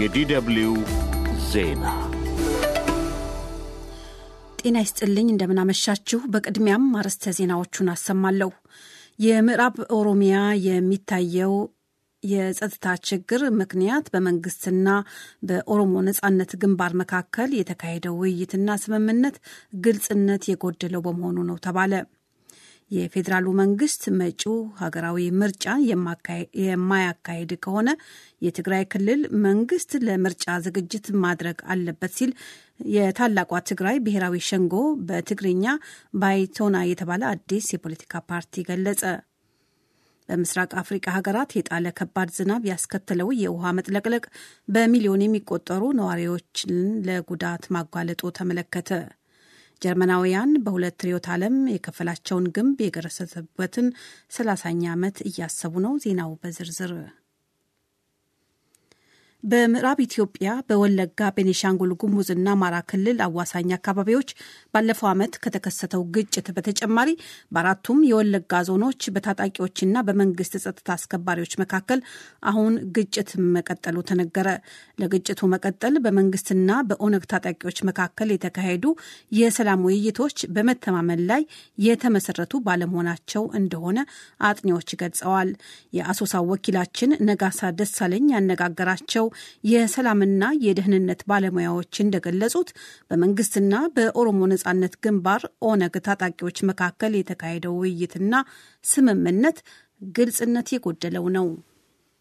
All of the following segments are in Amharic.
የዲደብልዩ ዜና ጤና ይስጥልኝ። እንደምናመሻችሁ። በቅድሚያም አርዕስተ ዜናዎቹን አሰማለሁ። የምዕራብ ኦሮሚያ የሚታየው የጸጥታ ችግር ምክንያት በመንግስትና በኦሮሞ ነጻነት ግንባር መካከል የተካሄደው ውይይትና ስምምነት ግልጽነት የጎደለው በመሆኑ ነው ተባለ። የፌዴራሉ መንግስት መጪው ሀገራዊ ምርጫ የማያካሄድ ከሆነ የትግራይ ክልል መንግስት ለምርጫ ዝግጅት ማድረግ አለበት ሲል የታላቋ ትግራይ ብሔራዊ ሸንጎ በትግርኛ ባይቶና የተባለ አዲስ የፖለቲካ ፓርቲ ገለጸ። በምስራቅ አፍሪቃ ሀገራት የጣለ ከባድ ዝናብ ያስከተለው የውሃ መጥለቅለቅ በሚሊዮን የሚቆጠሩ ነዋሪዎችን ለጉዳት ማጓለጡ ተመለከተ። ጀርመናውያን በሁለት ርዕዮተ ዓለም የከፈላቸውን ግንብ የገረሰሰበትን ሰላሳኛ ዓመት እያሰቡ ነው። ዜናው በዝርዝር በምዕራብ ኢትዮጵያ በወለጋ ቤኒሻንጉል ጉሙዝና አማራ ክልል አዋሳኝ አካባቢዎች ባለፈው ዓመት ከተከሰተው ግጭት በተጨማሪ በአራቱም የወለጋ ዞኖች በታጣቂዎችና በመንግስት ጸጥታ አስከባሪዎች መካከል አሁን ግጭት መቀጠሉ ተነገረ። ለግጭቱ መቀጠል በመንግስትና በኦነግ ታጣቂዎች መካከል የተካሄዱ የሰላም ውይይቶች በመተማመን ላይ የተመሰረቱ ባለመሆናቸው እንደሆነ አጥኚዎች ገልጸዋል። የአሶሳ ወኪላችን ነጋሳ ደሳለኝ ያነጋገራቸው የሰላምና የደህንነት ባለሙያዎች እንደገለጹት በመንግስትና በኦሮሞ ነጻነት ግንባር ኦነግ ታጣቂዎች መካከል የተካሄደው ውይይትና ስምምነት ግልጽነት የጎደለው ነው።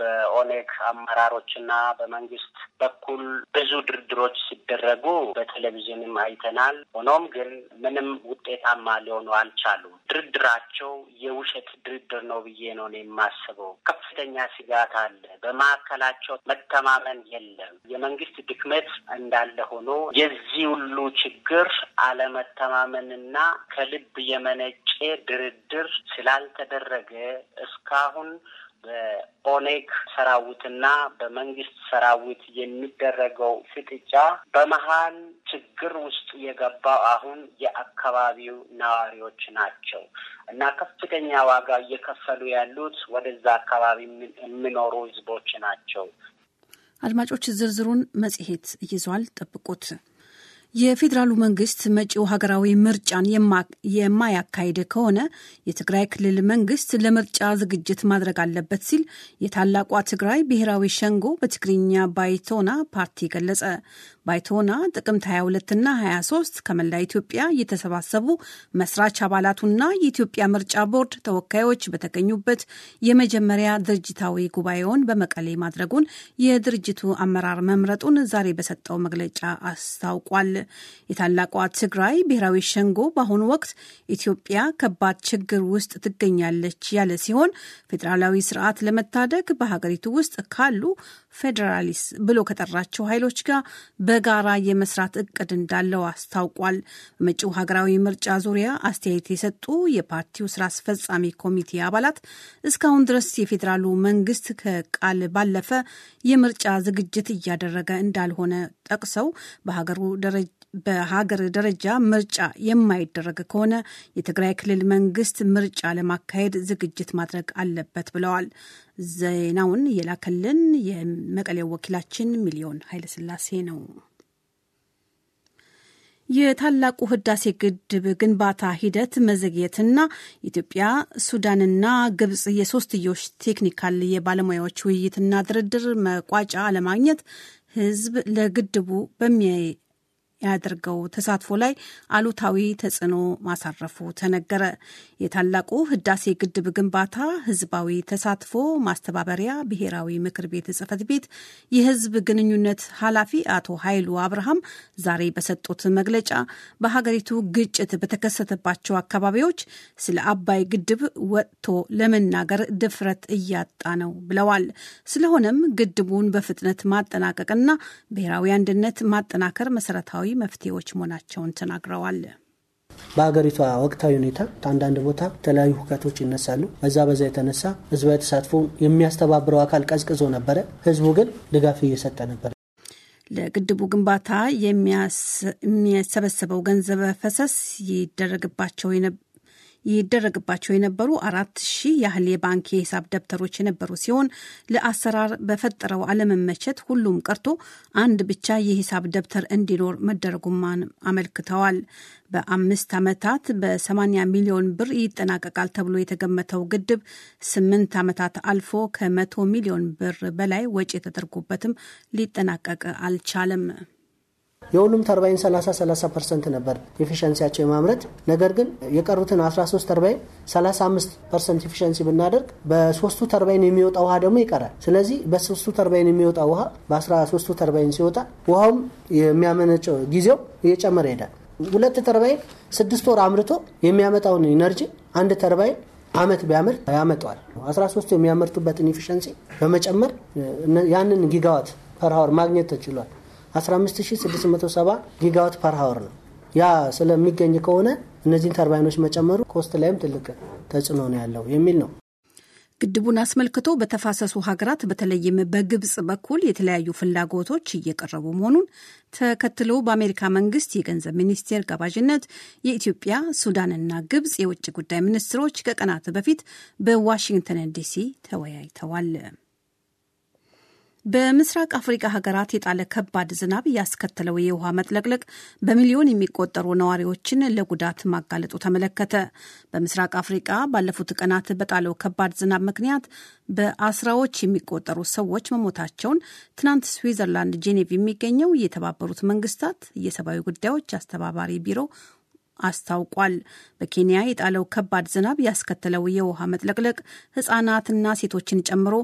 በኦኔግ አመራሮችና በመንግስት በኩል ብዙ ድርድሮች ሲደረጉ በቴሌቪዥንም አይተናል። ሆኖም ግን ምንም ውጤታማ ሊሆኑ አልቻሉም። ድርድራቸው የውሸት ድርድር ነው ብዬ ነው የማስበው። ከፍተኛ ስጋት አለ። በማዕከላቸው መተማመን የለም። የመንግስት ድክመት እንዳለ ሆኖ የዚህ ሁሉ ችግር አለመተማመንና ከልብ የመነጨ ድርድር ስላልተደረገ እስካሁን በኦኔግ ሰራዊትና በመንግስት ሰራዊት የሚደረገው ፍጥጫ በመሀል ችግር ውስጥ የገባው አሁን የአካባቢው ነዋሪዎች ናቸው እና ከፍተኛ ዋጋ እየከፈሉ ያሉት ወደዛ አካባቢ የሚኖሩ ህዝቦች ናቸው። አድማጮች ዝርዝሩን መጽሔት ይዟል፣ ጠብቁት። የፌዴራሉ መንግስት መጪው ሀገራዊ ምርጫን የማያካሄድ ከሆነ የትግራይ ክልል መንግስት ለምርጫ ዝግጅት ማድረግ አለበት ሲል የታላቋ ትግራይ ብሔራዊ ሸንጎ በትግርኛ ባይቶና ፓርቲ ገለጸ። ባይቶና ጥቅምት 22ና 23 ከመላ ኢትዮጵያ የተሰባሰቡ መስራች አባላቱና የኢትዮጵያ ምርጫ ቦርድ ተወካዮች በተገኙበት የመጀመሪያ ድርጅታዊ ጉባኤውን በመቀሌ ማድረጉን የድርጅቱ አመራር መምረጡን ዛሬ በሰጠው መግለጫ አስታውቋል። የታላቋ ትግራይ ብሔራዊ ሸንጎ በአሁኑ ወቅት ኢትዮጵያ ከባድ ችግር ውስጥ ትገኛለች ያለ ሲሆን ፌዴራላዊ ስርዓት ለመታደግ በሀገሪቱ ውስጥ ካሉ ፌዴራሊስት ብሎ ከጠራቸው ኃይሎች ጋር በጋራ የመስራት እቅድ እንዳለው አስታውቋል። በመጪው ሀገራዊ ምርጫ ዙሪያ አስተያየት የሰጡ የፓርቲው ስራ አስፈጻሚ ኮሚቴ አባላት እስካሁን ድረስ የፌዴራሉ መንግስት ከቃል ባለፈ የምርጫ ዝግጅት እያደረገ እንዳልሆነ ጠቅሰው በሀገሩ ደረጃ በሀገር ደረጃ ምርጫ የማይደረግ ከሆነ የትግራይ ክልል መንግስት ምርጫ ለማካሄድ ዝግጅት ማድረግ አለበት ብለዋል። ዜናውን የላከልን የመቀሌው ወኪላችን ሚሊዮን ኃይለስላሴ ነው። የታላቁ ህዳሴ ግድብ ግንባታ ሂደት መዘግየትና ኢትዮጵያ፣ ሱዳንና ግብጽ የሶስትዮሽ ቴክኒካል የባለሙያዎች ውይይትና ድርድር መቋጫ አለማግኘት ህዝብ ለግድቡ ያደርገው ተሳትፎ ላይ አሉታዊ ተጽዕኖ ማሳረፉ ተነገረ። የታላቁ ህዳሴ ግድብ ግንባታ ህዝባዊ ተሳትፎ ማስተባበሪያ ብሔራዊ ምክር ቤት ጽህፈት ቤት የህዝብ ግንኙነት ኃላፊ አቶ ኃይሉ አብርሃም ዛሬ በሰጡት መግለጫ በሀገሪቱ ግጭት በተከሰተባቸው አካባቢዎች ስለ አባይ ግድብ ወጥቶ ለመናገር ድፍረት እያጣ ነው ብለዋል። ስለሆነም ግድቡን በፍጥነት ማጠናቀቅና ብሔራዊ አንድነት ማጠናከር መሰረታዊ ዘላቂ መፍትሄዎች መሆናቸውን ተናግረዋል። በሀገሪቷ ወቅታዊ ሁኔታ አንዳንድ ቦታ የተለያዩ ሁከቶች ይነሳሉ። በዛ በዛ የተነሳ ህዝባዊ ተሳትፎ የሚያስተባብረው አካል ቀዝቅዞ ነበረ። ህዝቡ ግን ድጋፍ እየሰጠ ነበር። ለግድቡ ግንባታ የሚያሰበሰበው ገንዘብ ፈሰስ ይደረግባቸው ይደረግባቸው የነበሩ አራት ሺህ ያህል የባንክ የሂሳብ ደብተሮች የነበሩ ሲሆን ለአሰራር በፈጠረው አለመመቸት ሁሉም ቀርቶ አንድ ብቻ የሂሳብ ደብተር እንዲኖር መደረጉማን አመልክተዋል። በአምስት ዓመታት በ80 ሚሊዮን ብር ይጠናቀቃል ተብሎ የተገመተው ግድብ ስምንት ዓመታት አልፎ ከመቶ ሚሊዮን ብር በላይ ወጪ ተደርጎበትም ሊጠናቀቅ አልቻለም። የሁሉም ተርባይን 30 30 ፐርሰንት ነበር ኤፊሽንሲያቸው የማምረት ነገር ግን የቀሩትን 13 ተርባይን 35 ፐርሰንት ኤፊሸንሲ ብናደርግ በሶስቱ ተርባይን የሚወጣ ውሃ ደግሞ ይቀራል። ስለዚህ በሶስቱ ተርባይን የሚወጣ ውሃ በ13ቱ ተርባይን ሲወጣ ውሃውም የሚያመነጨው ጊዜው እየጨመረ ይሄዳል። ሁለት ተርባይን ስድስት ወር አምርቶ የሚያመጣውን ኢነርጂ አንድ ተርባይን አመት ቢያምር ያመጠዋል። የሚያመርቱበትን ኢፊሸንሲ በመጨመር ያንን ጊጋዋት ፐርሃወር ማግኘት ተችሏል። 15670 ጊጋዋት ፐር ሀወር ነው። ያ ስለሚገኝ ከሆነ እነዚህን ተርባይኖች መጨመሩ ኮስት ላይም ትልቅ ተጽዕኖ ነው ያለው የሚል ነው። ግድቡን አስመልክቶ በተፋሰሱ ሀገራት በተለይም በግብጽ በኩል የተለያዩ ፍላጎቶች እየቀረቡ መሆኑን ተከትሎ በአሜሪካ መንግስት የገንዘብ ሚኒስቴር ጋባዥነት የኢትዮጵያ ሱዳንና ግብጽ የውጭ ጉዳይ ሚኒስትሮች ከቀናት በፊት በዋሽንግተን ዲሲ ተወያይተዋል። በምስራቅ አፍሪካ ሀገራት የጣለ ከባድ ዝናብ ያስከተለው የውሃ መጥለቅለቅ በሚሊዮን የሚቆጠሩ ነዋሪዎችን ለጉዳት ማጋለጡ ተመለከተ። በምስራቅ አፍሪካ ባለፉት ቀናት በጣለው ከባድ ዝናብ ምክንያት በአስራዎች የሚቆጠሩ ሰዎች መሞታቸውን ትናንት ስዊዘርላንድ ጄኔቭ የሚገኘው የተባበሩት መንግስታት የሰብአዊ ጉዳዮች አስተባባሪ ቢሮ አስታውቋል። በኬንያ የጣለው ከባድ ዝናብ ያስከተለው የውሃ መጥለቅለቅ ህጻናትና ሴቶችን ጨምሮ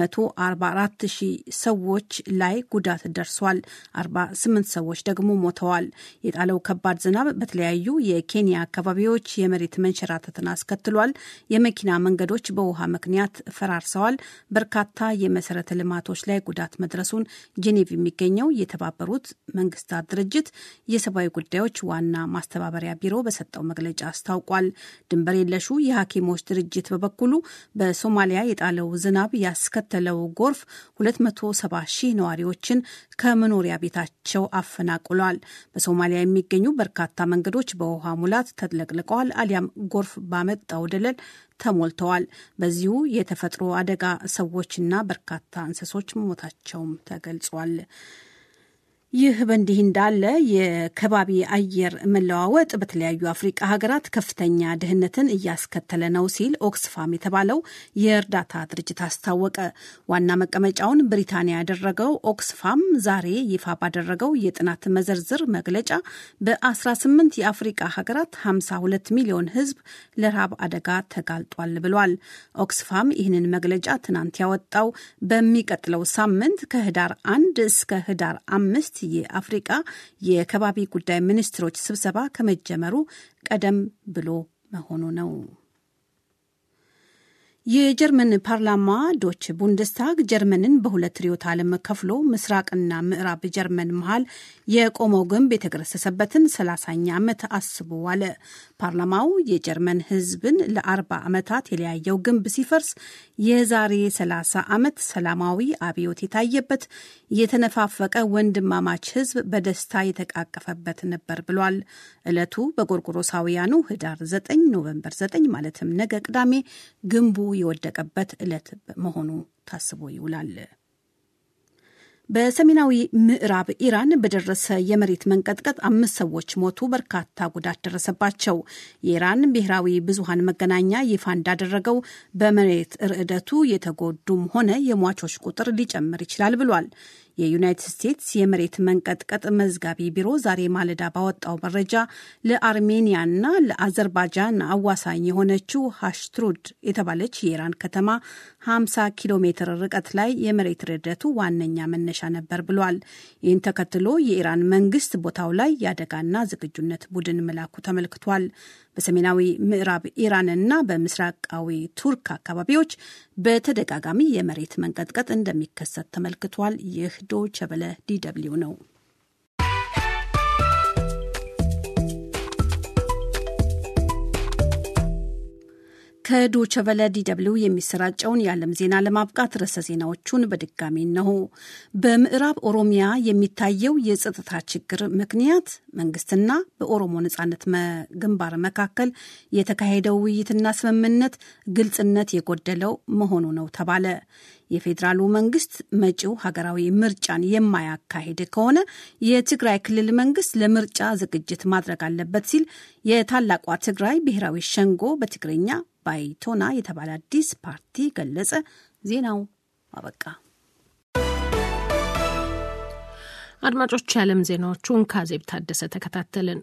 144 ሺህ ሰዎች ላይ ጉዳት ደርሷል። 48 ሰዎች ደግሞ ሞተዋል። የጣለው ከባድ ዝናብ በተለያዩ የኬንያ አካባቢዎች የመሬት መንሸራተትን አስከትሏል። የመኪና መንገዶች በውሃ ምክንያት ፈራርሰዋል። በርካታ የመሰረተ ልማቶች ላይ ጉዳት መድረሱን ጄኔቭ የሚገኘው የተባበሩት መንግስታት ድርጅት የሰብአዊ ጉዳዮች ዋና ማስተባበሪያ ቢሮ በሰጠው መግለጫ አስታውቋል። ድንበር የለሹ የሐኪሞች ድርጅት በበኩሉ በሶማሊያ የጣለው ዝናብ ያስከተለው ጎርፍ 270 ሺህ ነዋሪዎችን ከመኖሪያ ቤታቸው አፈናቅሏል። በሶማሊያ የሚገኙ በርካታ መንገዶች በውሃ ሙላት ተጥለቅልቀዋል አሊያም ጎርፍ ባመጣው ደለል ተሞልተዋል። በዚሁ የተፈጥሮ አደጋ ሰዎችና በርካታ እንስሶች መሞታቸውም ተገልጿል። ይህ በእንዲህ እንዳለ የከባቢ አየር መለዋወጥ በተለያዩ አፍሪቃ ሀገራት ከፍተኛ ድህነትን እያስከተለ ነው ሲል ኦክስፋም የተባለው የእርዳታ ድርጅት አስታወቀ። ዋና መቀመጫውን ብሪታንያ ያደረገው ኦክስፋም ዛሬ ይፋ ባደረገው የጥናት መዘርዝር መግለጫ በ18 የአፍሪቃ ሀገራት 52 ሚሊዮን ሕዝብ ለረሃብ አደጋ ተጋልጧል ብሏል። ኦክስፋም ይህንን መግለጫ ትናንት ያወጣው በሚቀጥለው ሳምንት ከህዳር 1 እስከ ህዳር 5 የአፍሪቃ የከባቢ ጉዳይ ሚኒስትሮች ስብሰባ ከመጀመሩ ቀደም ብሎ መሆኑ ነው። የጀርመን ፓርላማ ዶች ቡንደስታግ ጀርመንን በሁለት ርዕዮተ ዓለም ከፍሎ ምስራቅና ምዕራብ ጀርመን መሀል የቆመው ግንብ የተገረሰሰበትን ሰላሳኛ ዓመት አስቦ አለ። ፓርላማው የጀርመን ሕዝብን ለአርባ ዓመታት የለያየው ግንብ ሲፈርስ የዛሬ 30 ዓመት ሰላማዊ አብዮት የታየበት የተነፋፈቀ ወንድማማች ሕዝብ በደስታ የተቃቀፈበት ነበር ብሏል። ዕለቱ በጎርጎሮሳውያኑ ህዳር 9 ኖቨምበር 9 ማለትም ነገ ቅዳሜ ግንቡ የወደቀበት ዕለት መሆኑ ታስቦ ይውላል። በሰሜናዊ ምዕራብ ኢራን በደረሰ የመሬት መንቀጥቀጥ አምስት ሰዎች ሞቱ፣ በርካታ ጉዳት ደረሰባቸው። የኢራን ብሔራዊ ብዙሃን መገናኛ ይፋ እንዳደረገው በመሬት ርዕደቱ የተጎዱም ሆነ የሟቾች ቁጥር ሊጨምር ይችላል ብሏል። የዩናይትድ ስቴትስ የመሬት መንቀጥቀጥ መዝጋቢ ቢሮ ዛሬ ማለዳ ባወጣው መረጃ ለአርሜኒያና ለአዘርባጃን አዋሳኝ የሆነችው ሃሽትሩድ የተባለች የኢራን ከተማ 50 ኪሎ ሜትር ርቀት ላይ የመሬት ርደቱ ዋነኛ መነሻ ነበር ብሏል። ይህን ተከትሎ የኢራን መንግስት ቦታው ላይ የአደጋና ዝግጁነት ቡድን መላኩ ተመልክቷል። በሰሜናዊ ምዕራብ ኢራንና በምስራቃዊ ቱርክ አካባቢዎች በተደጋጋሚ የመሬት መንቀጥቀጥ እንደሚከሰት ተመልክቷል። ይህ ዶቸበለ ዲ ደብልዩ ነው። ከዶቸበለ ዲደብሊው የሚሰራጨውን የዓለም ዜና ለማብቃት ርዕሰ ዜናዎቹን በድጋሚ እነሆ። በምዕራብ ኦሮሚያ የሚታየው የጸጥታ ችግር ምክንያት መንግስትና በኦሮሞ ነጻነት ግንባር መካከል የተካሄደው ውይይትና ስምምነት ግልጽነት የጎደለው መሆኑ ነው ተባለ። የፌዴራሉ መንግስት መጪው ሀገራዊ ምርጫን የማያካሄድ ከሆነ የትግራይ ክልል መንግስት ለምርጫ ዝግጅት ማድረግ አለበት ሲል የታላቋ ትግራይ ብሔራዊ ሸንጎ በትግርኛ ባይቶና የተባለ አዲስ ፓርቲ ገለጸ። ዜናው አበቃ። አድማጮች፣ የዓለም ዜናዎቹን ካዜብ ታደሰ ተከታተልን።